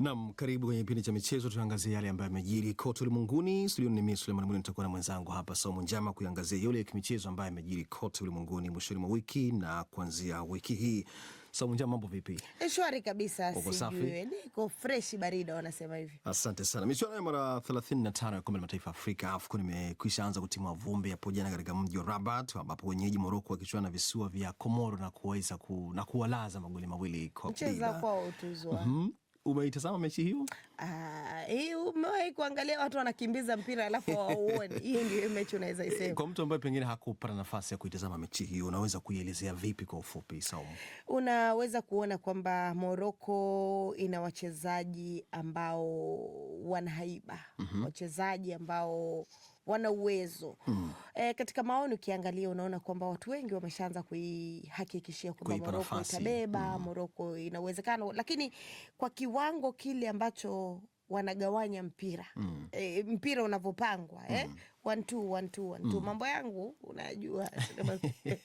Nam, karibu kwenye kipindi cha michezo. Tunaangazia yale ambayo yamejiri kote ulimwenguni. Studio ni mimi Suleiman Mwinyi, nitakuwa na mwenzangu hapa Saumu Njama kuiangazia yule kimichezo ambayo yamejiri kote ulimwenguni mwishoni mwa wiki na kuanzia wiki hii. Saumu Njama, mambo vipi? Eh, shwari kabisa, niko fresh, barida, wanasema hivi. Asante sana. Michuano ya mara 35 ya kombe la mataifa Afrika AFCON imekwisha anza kutimua vumbi hapo jana katika mji wa Rabat, ambapo wenyeji Moroko wakichuana na visiwa vya Komoro na kuweza ku, na kuwalaza magoli mawili kwa bila. Mcheza kwao utuzwa. mm -hmm. Umeitazama mechi hiyo? Uh, umewahi kuangalia watu wanakimbiza mpira alafu hawauoni? hii ndio mechi unaweza eh, isema. Kwa mtu ambaye pengine hakupata nafasi ya kuitazama mechi hiyo, unaweza kuielezea vipi kwa ufupi, Saumu? Unaweza kuona kwamba Morocco ina wachezaji ambao wana haiba, mm -hmm. wachezaji ambao wana uwezo mm. E, katika maoni ukiangalia unaona kwamba watu wengi wameshaanza kuihakikishia kwamba Moroko itabeba mm. Moroko ina uwezekano, lakini kwa kiwango kile ambacho wanagawanya mpira mm. E, mpira unavyopangwa eh, mm. eh? Mm. Mambo yangu unajua e,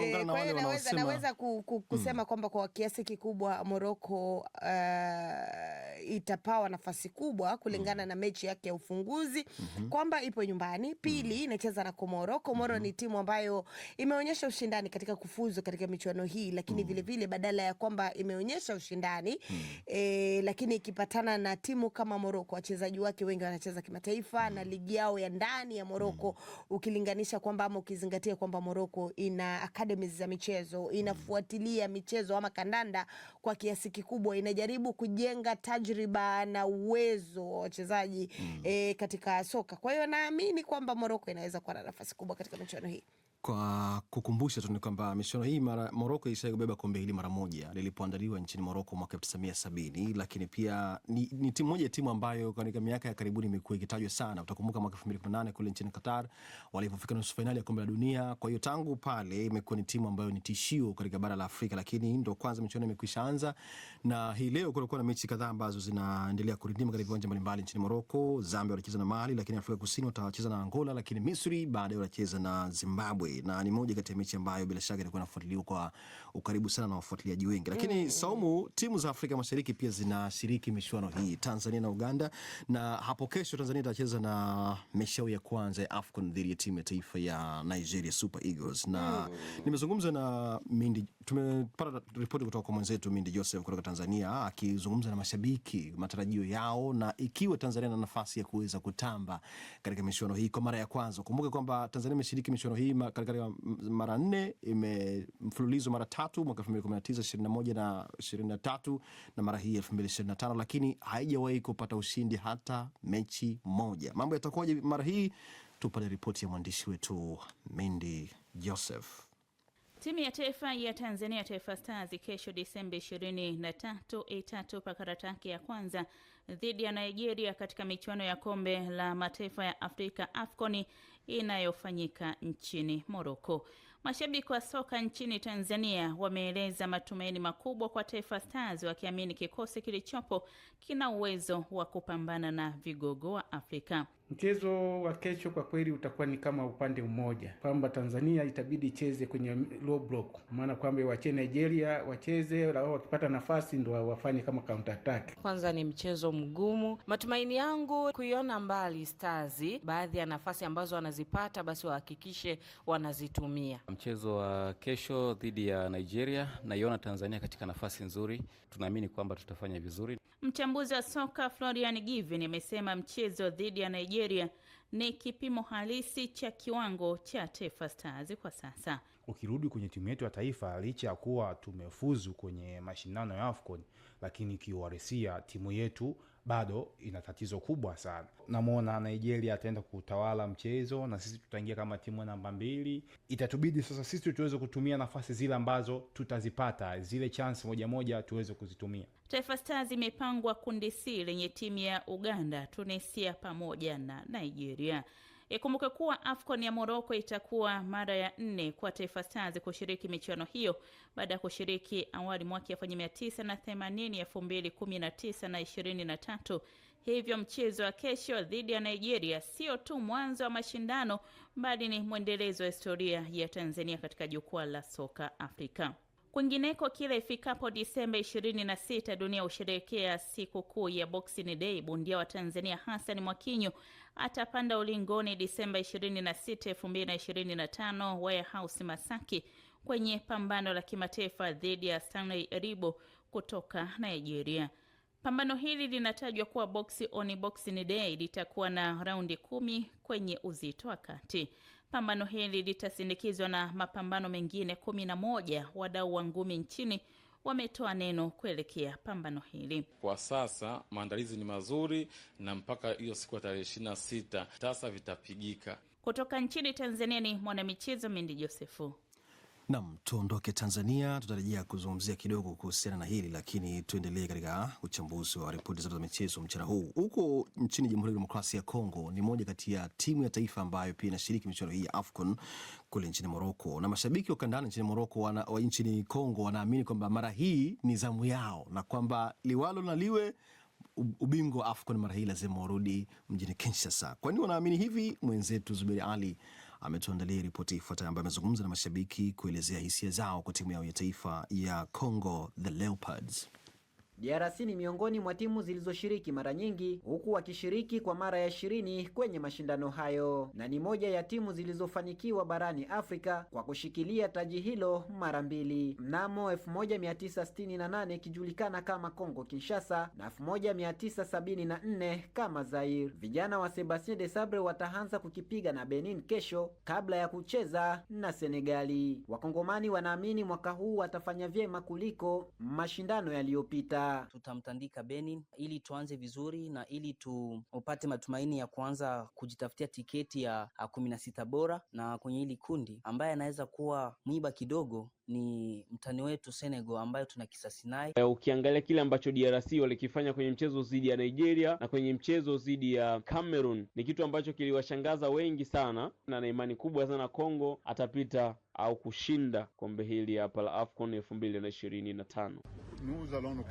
eh, naweza, naweza ku, ku, mm. kusema mm. kwamba kwa kiasi kikubwa Moroko uh, eh, itapawa nafasi kubwa kulingana mm. na mechi yake ya ufunguzi mm -hmm. kwamba ipo nyumbani, pili mm. inacheza mm. na Komoro. Komoro mm -hmm. ni timu ambayo imeonyesha ushindani katika kufuzu katika michuano hii, lakini mm. vilevile badala ya kwamba imeonyesha ushindani mm. e, lakini ikipatana na timu kama moroko wachezaji wake wengi wanacheza kimataifa mm. na ligi yao yao ya ndani ya Moroko mm. ukilinganisha kwamba ama ukizingatia kwamba Moroko ina academies za michezo inafuatilia michezo ama kandanda kwa kiasi kikubwa, inajaribu kujenga tajriba na uwezo wa wachezaji mm. e, katika soka. Kwa hiyo naamini kwamba Moroko inaweza kuwa na nafasi kubwa katika michuano hii. Kwa kukumbusha tu ni kwamba michuano hii mara Moroko ilishai kubeba kombe hili mara moja lilipoandaliwa nchini Moroko mwaka elfu sabini, lakini pia ni, ni timu moja ya timu ambayo katika miaka ya karibuni imekuwa ikitajwa sana. Utakumbuka mwaka elfu mbili kumi nane kule nchini Qatar walipofika nusu fainali ya kombe la dunia. Kwa hiyo tangu pale imekuwa ni timu ambayo ni tishio katika bara la Afrika, lakini ndo kwanza michuano imekwisha anza, na hii leo kulikuwa na mechi kadhaa ambazo zinaendelea kurindima katika viwanja mbalimbali nchini Moroko. Zambia wanacheza na Mali, lakini Afrika Kusini watacheza na Angola, lakini Misri baadaye wanacheza na Zimbabwe na ni moja kati ya mechi ambayo bila shaka itakuwa inafuatiliwa kwa ukaribu sana na wafuatiliaji wengi. Lakini mm. Saumu, timu za Afrika Mashariki pia zinashiriki michuano hii, Tanzania na Uganda, na hapo kesho Tanzania itacheza na mechi ya kwanza ya AFCON dhidi ya timu ya taifa ya Nigeria Super Eagles, na mm. nimezungumza na Mindi, tumepata ripoti kutoka kwa mwenzetu Mindi Joseph kutoka Tanzania akizungumza na mashabiki, matarajio yao na ikiwa Tanzania na nafasi ya kuweza kutamba katika michuano hii kwa mara ya kwanza. Kumbuke kwamba Tanzania imeshiriki michuano hii serikali mara nne imemfululizo mara tatu mwaka 2019, 21 na 23 na mara hii 2025, lakini haijawahi kupata ushindi hata mechi moja. Mambo yatakuwaje mara hii? Tupate ripoti ya mwandishi wetu Mindi Joseph. Timu ya taifa ya Tanzania Taifa Stars kesho Disemba 23 itatupa karatake ya kwanza dhidi ya Nigeria katika michuano ya kombe la mataifa ya Afrika AFCON inayofanyika nchini Morocco. Mashabiki wa soka nchini Tanzania wameeleza matumaini makubwa kwa Taifa Stars wakiamini kikosi kilichopo kina uwezo wa kupambana na vigogo wa Afrika. Mchezo wa kesho kwa kweli utakuwa ni kama upande mmoja, kwamba Tanzania itabidi icheze kwenye low block, maana kwamba wache Nigeria wacheze, lao wakipata nafasi ndo wafanye kama counter attack. Kwanza ni mchezo mgumu, matumaini yangu kuiona mbali Stars, baadhi ya nafasi ambazo wanazipata basi wahakikishe wanazitumia. Mchezo wa kesho dhidi ya Nigeria, naiona Tanzania katika nafasi nzuri, tunaamini kwamba tutafanya vizuri. Mchambuzi wa soka Florian Given amesema mchezo dhidi ya Nigeria Nigeria ni kipimo halisi cha kiwango cha Taifa Stars kwa sasa ukirudi kwenye timu yetu ya taifa, licha ya kuwa tumefuzu kwenye mashindano ya AFCON, lakini kiuhalisia timu yetu bado ina tatizo kubwa sana. Namwona Nigeria ataenda kutawala mchezo na sisi tutaingia kama timu namba mbili. Itatubidi sasa sisi tuweze kutumia nafasi zile ambazo tutazipata, zile chance moja moja tuweze kuzitumia. Taifa Stars imepangwa kundi C lenye timu ya Uganda, Tunisia pamoja na Nigeria. Ikumbuke kuwa AFCON ya moroko itakuwa mara ya nne kwa Taifa Stars kushiriki michuano hiyo baada ya kushiriki awali mwaka elfu moja mia tisa na themanini, elfu mbili kumi na tisa na ishirini na tatu. Hivyo mchezo wa kesho dhidi ya Nigeria sio tu mwanzo wa mashindano bali ni mwendelezo wa historia ya Tanzania katika jukwaa la soka Afrika. Kwingineko, kila ifikapo Disemba 26 dunia husherehekea sikukuu ya Boxing Day. bundia wa Tanzania Hassan mwakinyu atapanda ulingoni Disemba 26, 2025 Warehouse Masaki kwenye pambano la kimataifa dhidi ya Stanley ribo kutoka Nigeria. Pambano hili linatajwa kuwa box on Boxing Day litakuwa na raundi kumi kwenye uzito wa kati. Pambano hili litasindikizwa na mapambano mengine kumi na moja. Wadau wa ngumi nchini wametoa neno kuelekea pambano hili. Kwa sasa maandalizi ni mazuri, na mpaka hiyo siku ya tarehe ishirini na sita tasa vitapigika. Kutoka nchini Tanzania ni mwanamichezo mindi Josefu. Nam, tuondoke Tanzania, tutarejea kuzungumzia kidogo kuhusiana na hili lakini tuendelee katika uchambuzi wa ripoti zetu za michezo mchana huu. Huko nchini Jamhuri ya Demokrasia ya Kongo ni moja kati ya timu ya taifa ambayo pia inashiriki michuano hii ya AFCON kule nchini Moroko, na mashabiki wa kandanda nchini Moroko wana, wa nchini Kongo wanaamini kwamba mara hii ni zamu yao na kwamba liwalo na liwe ubingwa wa AFCON mara hii lazima warudi mjini Kinshasa. Kwa nini wanaamini hivi? Mwenzetu Zuberi Ali ametuandalia ripoti ifuatayo, ambayo amezungumza na mashabiki kuelezea hisia zao kwa timu yao ya taifa ya Congo the Leopards. DRC ni miongoni mwa timu zilizoshiriki mara nyingi, huku wakishiriki kwa mara ya ishirini kwenye mashindano hayo, na ni moja ya timu zilizofanikiwa barani Afrika kwa kushikilia taji hilo mara mbili, mnamo 1968 ikijulikana kama Kongo Kinshasa na 1974 kama Zaire. Vijana wa Sebastien Desabre wataanza kukipiga na Benin kesho kabla ya kucheza na Senegali. Wakongomani wanaamini mwaka huu watafanya vyema kuliko mashindano yaliyopita tutamtandika Benin ili tuanze vizuri na ili tupate matumaini ya kuanza kujitafutia tiketi ya kumi na sita bora, na kwenye hili kundi ambaye anaweza kuwa mwiba kidogo ni mtani wetu Senegal ambayo tuna kisasi naye. Eh, ukiangalia kile ambacho DRC walikifanya kwenye mchezo dhidi ya Nigeria na kwenye mchezo dhidi ya Cameroon ni kitu ambacho kiliwashangaza wengi sana, na na imani kubwa sana Kongo atapita au kushinda kombe hili hapa la AFCON 2025.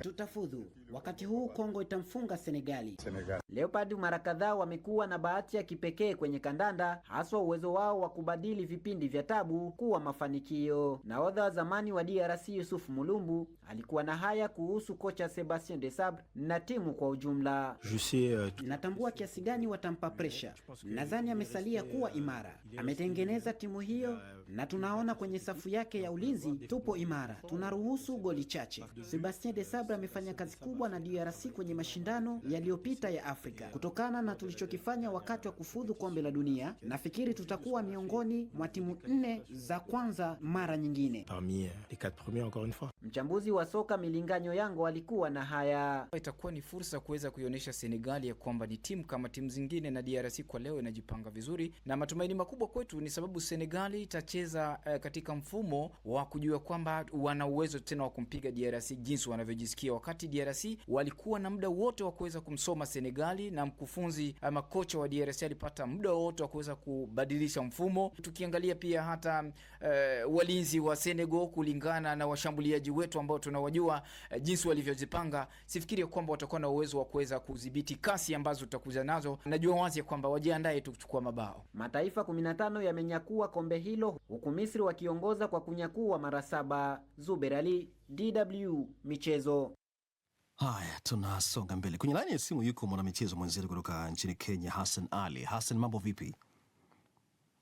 Tutafudhu. Wakati huu Kongo itamfunga Senegali. Senegali. Leopard mara kadhaa wamekuwa na bahati ya kipekee kwenye kandanda, haswa uwezo wao wa kubadili vipindi vya tabu kuwa mafanikio. Nahodha wa zamani wa DRC Yusuf Mulumbu alikuwa na haya kuhusu kocha Sebastien sabre na timu kwa ujumla. Euh, Natambua kiasi gani watampa presha. Nadhani amesalia kuwa euh, imara, ametengeneza timu hiyo, euh, na tunaona kwenye safu yake ya ulinzi tupo imara, tunaruhusu goli chache. Sebastien Desabre amefanya kazi kubwa kubwa na DRC kwenye mashindano yaliyopita ya Afrika. Kutokana na tulichokifanya wakati wa kufuzu kombe la dunia, nafikiri tutakuwa miongoni mwa timu nne za kwanza mara nyingine. Mchambuzi wa soka Milinganyo Yango alikuwa na haya: itakuwa ni fursa kuweza kuionyesha Senegali ya kwamba ni timu kama timu zingine, na DRC kwa leo inajipanga vizuri, na matumaini makubwa kwetu ni sababu Senegali itacheza eh, katika mfumo wa kujua kwamba wana uwezo tena wa kumpiga DRC jinsi wanavyojisikia, wakati DRC walikuwa na muda wote wa kuweza kumsoma Senegali, na mkufunzi ama kocha wa DRC alipata muda wote wa kuweza kubadilisha mfumo. Tukiangalia pia hata uh, walinzi wa Senegal kulingana na washambuliaji wetu ambao tunawajua uh, jinsi walivyozipanga sifikiri ya kwamba watakuwa na uwezo wa kuweza kudhibiti kasi ambazo tutakuja nazo. Najua wazi ya kwamba wajiandae tu kuchukua mabao. Mataifa 15 yamenyakua kombe hilo huku Misri wakiongoza kwa kunyakua mara saba. Zuber DW Michezo. Haya, tunasonga mbele. Kwenye laini ya simu yuko mwanamichezo mwenzetu kutoka nchini Kenya, Hassan Ali. Hassan, mambo vipi?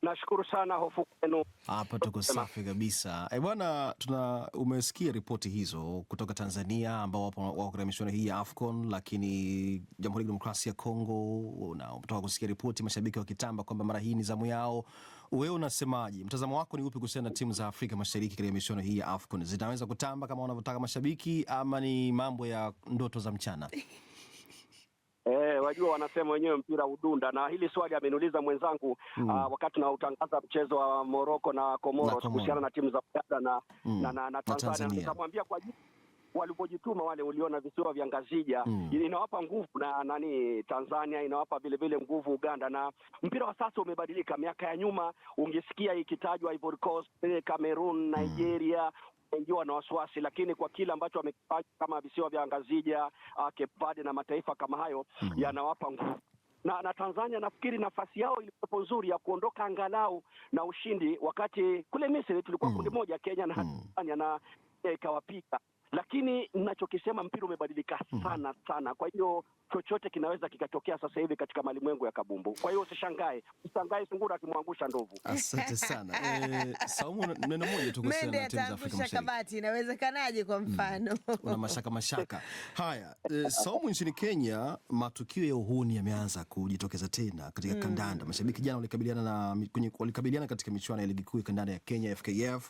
Nashukuru sana, hofu kwenu. Hapa tuko safi kabisa. E bwana, tuna umesikia ripoti hizo kutoka Tanzania ambao wapo wako katika michuano hii ya AFCON, lakini Jamhuri ya Kidemokrasia ya Kongo, na umetoka kusikia ripoti mashabiki wakitamba kwamba mara hii ni zamu yao. Wewe unasemaje? Mtazamo wako ni upi kuhusiana na timu za Afrika Mashariki katika michuano hii ya AFCON? Zinaweza kutamba kama wanavyotaka mashabiki ama ni mambo ya ndoto za mchana? Eh, wajua wanasema wenyewe mpira udunda, na hili swali ameniuliza mwenzangu mm. uh, wakati nautangaza mchezo wa Morocco na Komoro kuhusiana na timu za Uganda na, mm. na, na, na Tanzania, nikamwambia kwa walivyojituma wale, uliona visiwa vya Ngazija mm. inawapa nguvu na nani Tanzania, inawapa vile vile nguvu Uganda, na mpira wa sasa umebadilika. Miaka ya nyuma ungesikia ikitajwa Ivory Coast, Cameroon, mm. Nigeria mm ingiwa na wasiwasi, lakini kwa kile ambacho wamekifanya kama visiwa vya Ngazija, ah, Cape Verde na mataifa kama hayo mm -hmm. yanawapa nguvu na, na Tanzania nafikiri nafasi yao ilikuwa nzuri ya kuondoka angalau na ushindi, wakati kule Misri tulikuwa mm -hmm. kundi moja Kenya na mm. Tanzania mm -hmm. na eh, ikawapiga lakini nachokisema mpira umebadilika mhm. sana sana, kwa hiyo chochote kinaweza kikatokea sasa hivi katika malimwengu ya kabumbu. Kwa hiyo usishangae, ushangae sungura akimwangusha ndovu. Asante sana. E, Saumu, neno moja tu kuhusiana timu za Afrika Mashariki. Kabati inawezekanaje kwa mm, mfano? Mm. Una mashaka mashaka. Haya, e, Saumu, nchini Kenya matukio ya uhuni yameanza kujitokeza tena katika mm. kandanda. Mashabiki jana walikabiliana na walikabiliana katika michuano ya ligi kuu ya kandanda ya Kenya FKF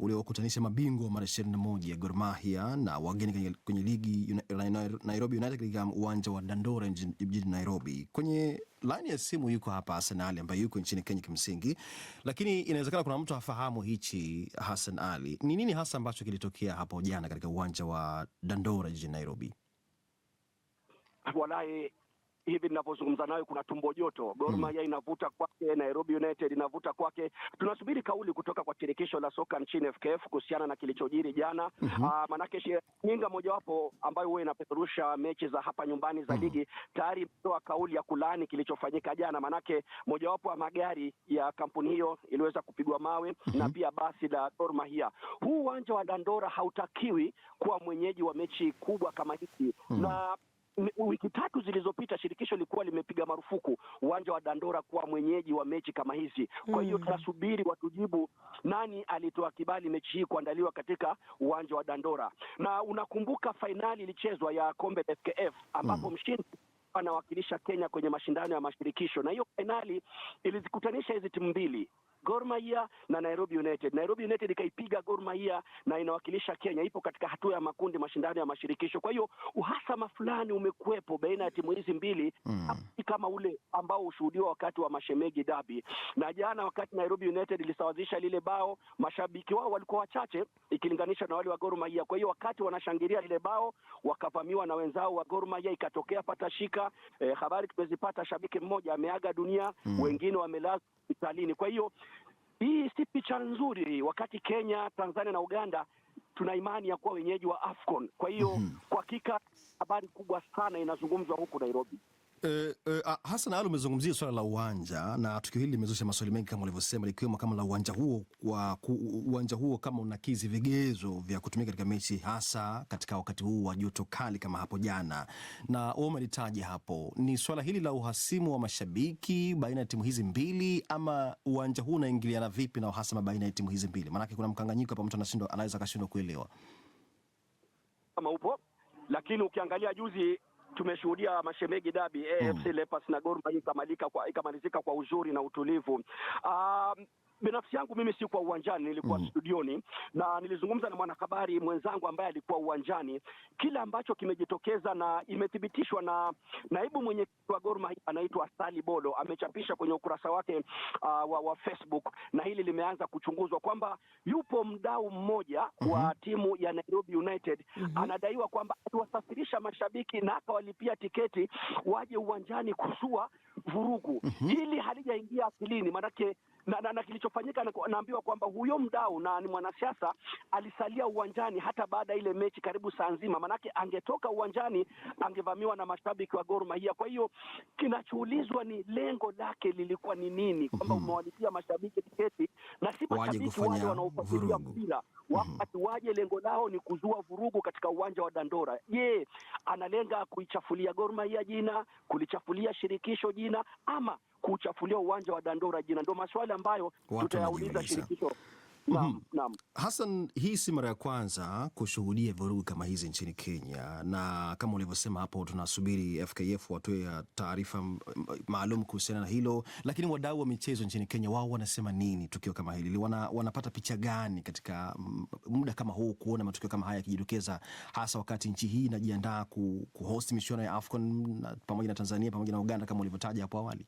uliowakutanisha mabingwa mara 21 Gor Mahia na wageni kwenye ligi Nairobi United katika uwanja wa Dandora jijini Nairobi. Kwenye laini ya simu yuko hapa Hassan Ali ambaye yuko nchini Kenya kimsingi, lakini inawezekana kuna mtu hafahamu hichi Hassan Ali. Ni nini hasa ambacho kilitokea hapo jana katika uwanja wa Dandora jijini Nairobi? Walahi hivi ninavyozungumza nayo kuna tumbo joto. Gor hmm. Mahia inavuta kwake, Nairobi United inavuta kwake. Tunasubiri kauli kutoka kwa shirikisho la soka nchini FKF kuhusiana na kilichojiri jana. mm -hmm. Uh, manake nyinga mojawapo ambayo huwa inapeperusha mechi za hapa nyumbani za hmm. ligi mm -hmm. tayari imetoa kauli ya kulaani kilichofanyika jana, manake mojawapo ya magari ya kampuni hiyo iliweza kupigwa mawe mm -hmm. na pia basi la Gor Mahia. Huu uwanja wa Dandora hautakiwi kuwa mwenyeji wa mechi kubwa kama hii mm -hmm. na wiki tatu zilizopita shirikisho lilikuwa limepiga marufuku uwanja wa Dandora kuwa mwenyeji wa mechi kama hizi. Kwa hiyo mm, tunasubiri watujibu nani alitoa kibali mechi hii kuandaliwa katika uwanja wa Dandora. Na unakumbuka fainali ilichezwa ya kombe la FKF ambapo mm, mshindi anawakilisha Kenya kwenye mashindano ya mashirikisho, na hiyo fainali ilizikutanisha hizi timu mbili Gor Mahia na Nairobi United. Nairobi United ikaipiga Gor Mahia na inawakilisha Kenya, ipo katika hatua ya makundi mashindano ya mashirikisho. Kwa hiyo uhasama fulani umekuwepo baina ya timu hizi mbili mm, kama ule ambao hushuhudiwa wakati wa Mashemeji dabi, Na jana wakati Nairobi United ilisawazisha lile bao, mashabiki wao walikuwa wachache ikilinganishwa na wale wa Gor Mahia. Kwa hiyo wakati wanashangilia lile bao, wakavamiwa na wenzao wa Gor Mahia, ikatokea patashika Afrika. E, habari tumezipata, shabiki mmoja ameaga dunia mm. wengine wamelazwa hospitalini. Kwa hiyo hii si picha nzuri, wakati Kenya, Tanzania na Uganda tuna imani ya kuwa wenyeji wa AFCON. Kwa hiyo mm -hmm. kwa hakika habari kubwa sana inazungumzwa huku Nairobi. Uh, eh, uh, eh, ah, Hassan Ali umezungumzia swala la uwanja na tukio hili limezusha maswali mengi kama ulivyosema, likiwemo kama la uwanja huo kwa uwanja huo kama unakizi vigezo vya kutumika katika mechi hasa katika wakati huu wa joto kali kama hapo jana, na wewe umelitaja hapo, ni swala hili la uhasimu wa mashabiki baina ya timu hizi mbili, ama uwanja huu unaingiliana vipi na uhasama baina ya timu hizi mbili? Maanake kuna mkanganyiko hapa, mtu anashindwa, anaweza akashindwa kuelewa kama upo, lakini ukiangalia juzi tumeshuhudia Mashemegi Dabi, mm. AFC Leopards na Gor Mahia ikamalizika kwa, ikamalizika kwa uzuri na utulivu. Um, Binafsi yangu mimi sikuwa uwanjani, nilikuwa mm -hmm. studioni na nilizungumza na mwanahabari mwenzangu ambaye alikuwa uwanjani. Kile ambacho kimejitokeza na imethibitishwa na naibu mwenyekiti wa Gor Mahia anaitwa Sali Bodo, amechapisha kwenye ukurasa wake uh, wa, wa Facebook, na hili limeanza kuchunguzwa kwamba yupo mdau mmoja mm -hmm. wa timu ya Nairobi United mm -hmm. anadaiwa kwamba aliwasafirisha mashabiki na akawalipia tiketi waje uwanjani kusua vurugu. mm -hmm. Hili halijaingia akilini, maanake na, na, na kilichofanyika naambiwa kwamba huyo mdau na ni mwanasiasa alisalia uwanjani hata baada ya ile mechi karibu saa nzima, manake angetoka uwanjani angevamiwa na mashabiki wa Gor Mahia. Kwa hiyo kinachoulizwa ni lengo lake lilikuwa ni nini, kwamba mhm. umewalipia mashabiki tiketi na si mashabiki wale wanaofuatilia mpira mhm. wakati waje, lengo lao ni kuzua vurugu katika uwanja wa Dandora. Je, analenga kuichafulia Gor Mahia jina, kulichafulia shirikisho jina ama kuchafulia uwanja wa Dandora jina. Ndio maswali ambayo tutayauliza shirikisho. Mhm. Naam, naam. Hassan, hii si mara ya kwanza kushuhudia vurugu kama hizi nchini Kenya, na kama ulivyosema hapo, tunasubiri FKF watoe uh, taarifa maalum kuhusiana na hilo. Lakini wadau wa michezo nchini Kenya, wao wanasema nini tukio kama hili? Wana, wanapata picha gani katika muda kama huu kuona matukio kama haya yakijitokeza, hasa wakati nchi hii inajiandaa kuhost michuano ya AFCON pamoja na Tanzania pamoja na Uganda kama ulivyotaja hapo awali?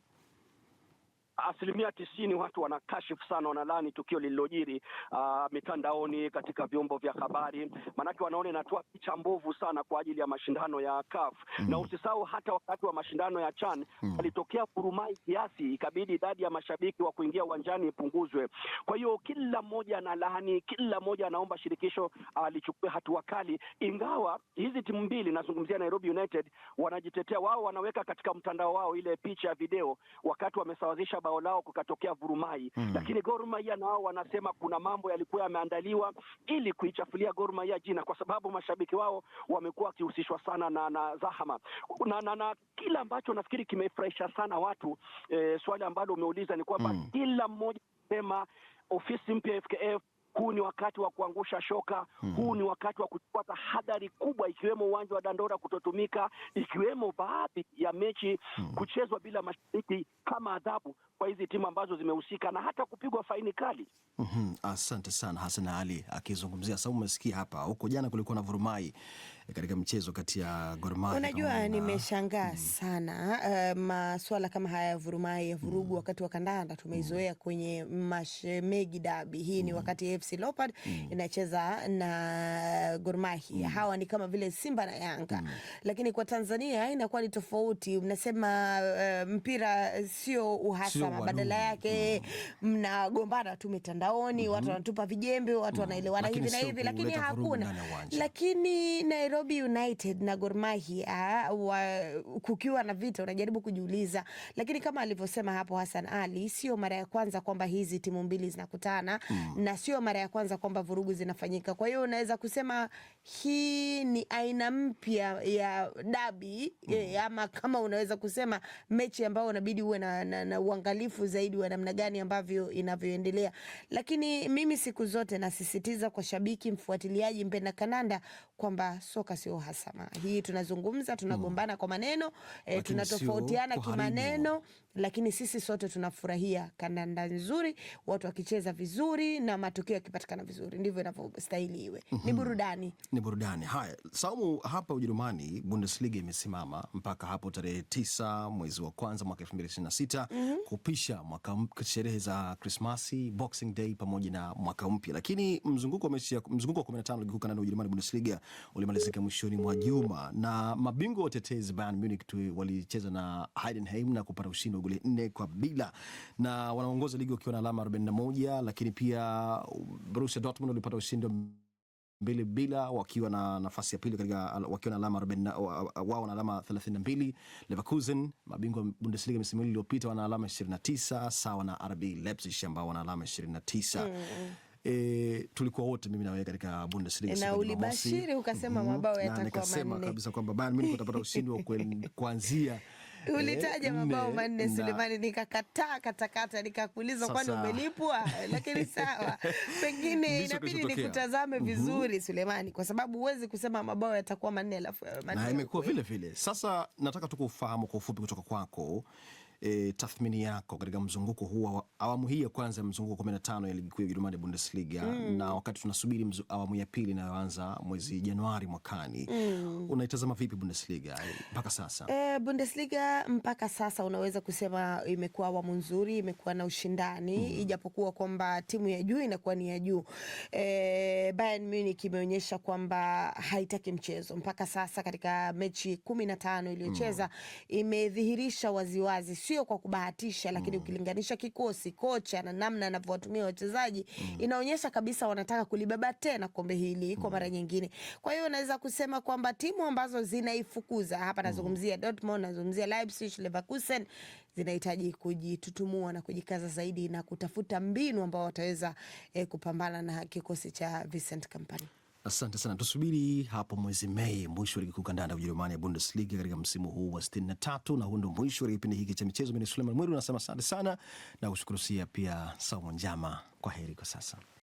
asilimia tisini watu wanakashifu sana, wanalani tukio lililojiri ah, mitandaoni, katika vyombo vya habari, maanake wanaona inatoa picha mbovu sana kwa ajili ya mashindano ya CAF mm. Na usisahau hata wakati wa mashindano ya CHAN mm. alitokea furumai kiasi, ikabidi idadi ya mashabiki wa kuingia uwanjani ipunguzwe. Kwa hiyo kila mmoja lani kila mmoja anaomba shirikisho alichukue ah, hatua kali, ingawa hizi timu mbili, nazungumzia Nairobi United, wanajitetea wao, wanaweka katika mtandao wao ile picha ya video wakati wamesawazisha bao lao kukatokea vurumai mm. Lakini Gor Mahia nao wanasema kuna mambo yalikuwa yameandaliwa ili kuichafulia Gor Mahia jina, kwa sababu mashabiki wao wamekuwa wakihusishwa sana na, na zahama na, na, na kila ambacho nafikiri kimefurahisha sana watu e, swali ambalo umeuliza ni kwamba mm. kila mmoja sema ofisi mpya FKF huu ni wakati wa kuangusha shoka mm. Huu ni wakati wa kuchukua tahadhari kubwa, ikiwemo uwanja wa Dandora kutotumika, ikiwemo baadhi ya mechi mm. kuchezwa bila mashariki kama adhabu kwa hizi timu ambazo zimehusika na hata kupigwa faini kali. mm -hmm. Asante sana hasan Ali akizungumzia. sababu umesikia hapa, huko jana kulikuwa na vurumai Eh, katika mchezo kati ya Gor Mahia. Unajua, nimeshangaa mm. sana uh, maswala kama haya ya vurumai ya vurugu mm. wakati wa kandanda tumeizoea mm. kwenye mashemegi dabi hii mm. ni wakati AFC Leopards mm. inacheza na Gor Mahia mm. hawa ni kama vile Simba na Yanga mm. lakini kwa Tanzania inakuwa ni tofauti, mnasema uh, mpira sio uhasama, badala yake mm. mnagombana tu mitandaoni mm -hmm. watu wanatupa vijembe, watu mm. wanaelewana mm. hivi na hivi, lakini hakuna lakini na Nairobi United na Gor Mahia kukiwa na vita, unajaribu kujiuliza, lakini kama alivyosema hapo Hassan Ali, sio mara ya kwanza kwamba hizi timu mbili zinakutana mm. na sio mara ya kwanza kwamba vurugu zinafanyika. Kwa hiyo unaweza kusema hii ni aina mpya ya dabi mm. eh, ama kama unaweza kusema mechi ambayo unabidi uwe na, na, na uangalifu zaidi wa namna gani ambavyo inavyoendelea, lakini mimi siku zote nasisitiza kwa shabiki, mfuatiliaji, mpenda kananda kwamba so kutoka sio uhasama. Hii tunazungumza tunagombana kwa maneno e, tunatofautiana kimaneno lakini sisi sote tunafurahia kandanda nzuri, watu wakicheza vizuri na matokeo yakipatikana vizuri, ndivyo inavyostahili iwe. mm -hmm. Ni mhm. burudani, ni burudani. Haya, Saumu, hapa Ujerumani Bundesliga imesimama mpaka hapo tarehe tisa mwezi wa kwanza mwaka elfu mbili ishirini na sita mm -hmm. kupisha mwaka sherehe za Krismasi, Boxing Day pamoja na mwaka mpya, lakini mzunguko wa mechi mzunguko wa kumi na tano ligi kuu kandanda Ujerumani Bundesliga ulimalizika mwishoni mwa juma na mabingwa watetezi Bayern Munich walicheza na Heidenheim na kupata ushindi goli nne kwa bila, na wanaongoza ligi wakiwa na alama 41, lakini pia Borussia Dortmund walipata ushindi mbili bila wakiwa na nafasi ya pili katika wakiwa na alama 40 wao na alama 32. Leverkusen mabingwa wa Bundesliga msimu uliopita wana alama 29 sawa na RB Leipzig ambao wana alama 29. Mm, mm. E, tulikuwa wote mimi na wewe katika Bundesliga mhm. na ulibashiri ukasema mabao yatakuwa manne, na nikasema kabisa kwamba Bayern Munich watapata ushindi wa kuanzia Eh, ulitaja mabao manne Sulemani, nikakataa katakata, nikakuuliza kwani umelipwa? Lakini sawa, pengine inabidi nikutazame mhm. vizuri mm -hmm. Sulemani, kwa sababu huwezi kusema mabao yatakuwa manne alafu eh, na imekuwa vile vile. Sasa nataka tukufahamu kwa ufupi kutoka kwako e, tathmini yako katika mzunguko huu awamu hii ya kwanza ya mzunguko 15 ya ligi kuu ya Ujerumani Bundesliga mm. na wakati tunasubiri mzu, awamu ya pili inayoanza mwezi Januari mwakani mm. unaitazama vipi Bundesliga eh, mpaka sasa? E, Bundesliga mpaka sasa unaweza kusema imekuwa awamu nzuri, imekuwa na ushindani mm. ijapokuwa kwamba timu ya juu inakuwa ni ya juu. E, Bayern Munich imeonyesha kwamba haitaki mchezo mpaka sasa katika mechi 15 iliyocheza mm. imedhihirisha waziwazi sio kwa kubahatisha, lakini mm. ukilinganisha kikosi, kocha na namna anavyowatumia wachezaji mm. inaonyesha kabisa wanataka kulibeba tena kombe hili kwa mara mm. nyingine. Kwa hiyo unaweza kusema kwamba timu ambazo zinaifukuza hapa, mm. nazungumzia Dortmund, nazungumzia Leipzig, Leverkusen zinahitaji kujitutumua na kujikaza zaidi na kutafuta mbinu ambao wataweza eh, kupambana na kikosi cha Vincent Kompany. Asante sana, tusubiri hapo mwezi Mei, mwisho wa ligi kuu kandanda Ujerumani ya Bundesliga katika msimu huu wa 63. Na huu ndo mwisho wa kipindi hiki cha michezo. Mimi ni Suleiman Mwiru, nasema asante sana na kushukuru pia Saumu Njama. Kwa heri kwa sasa.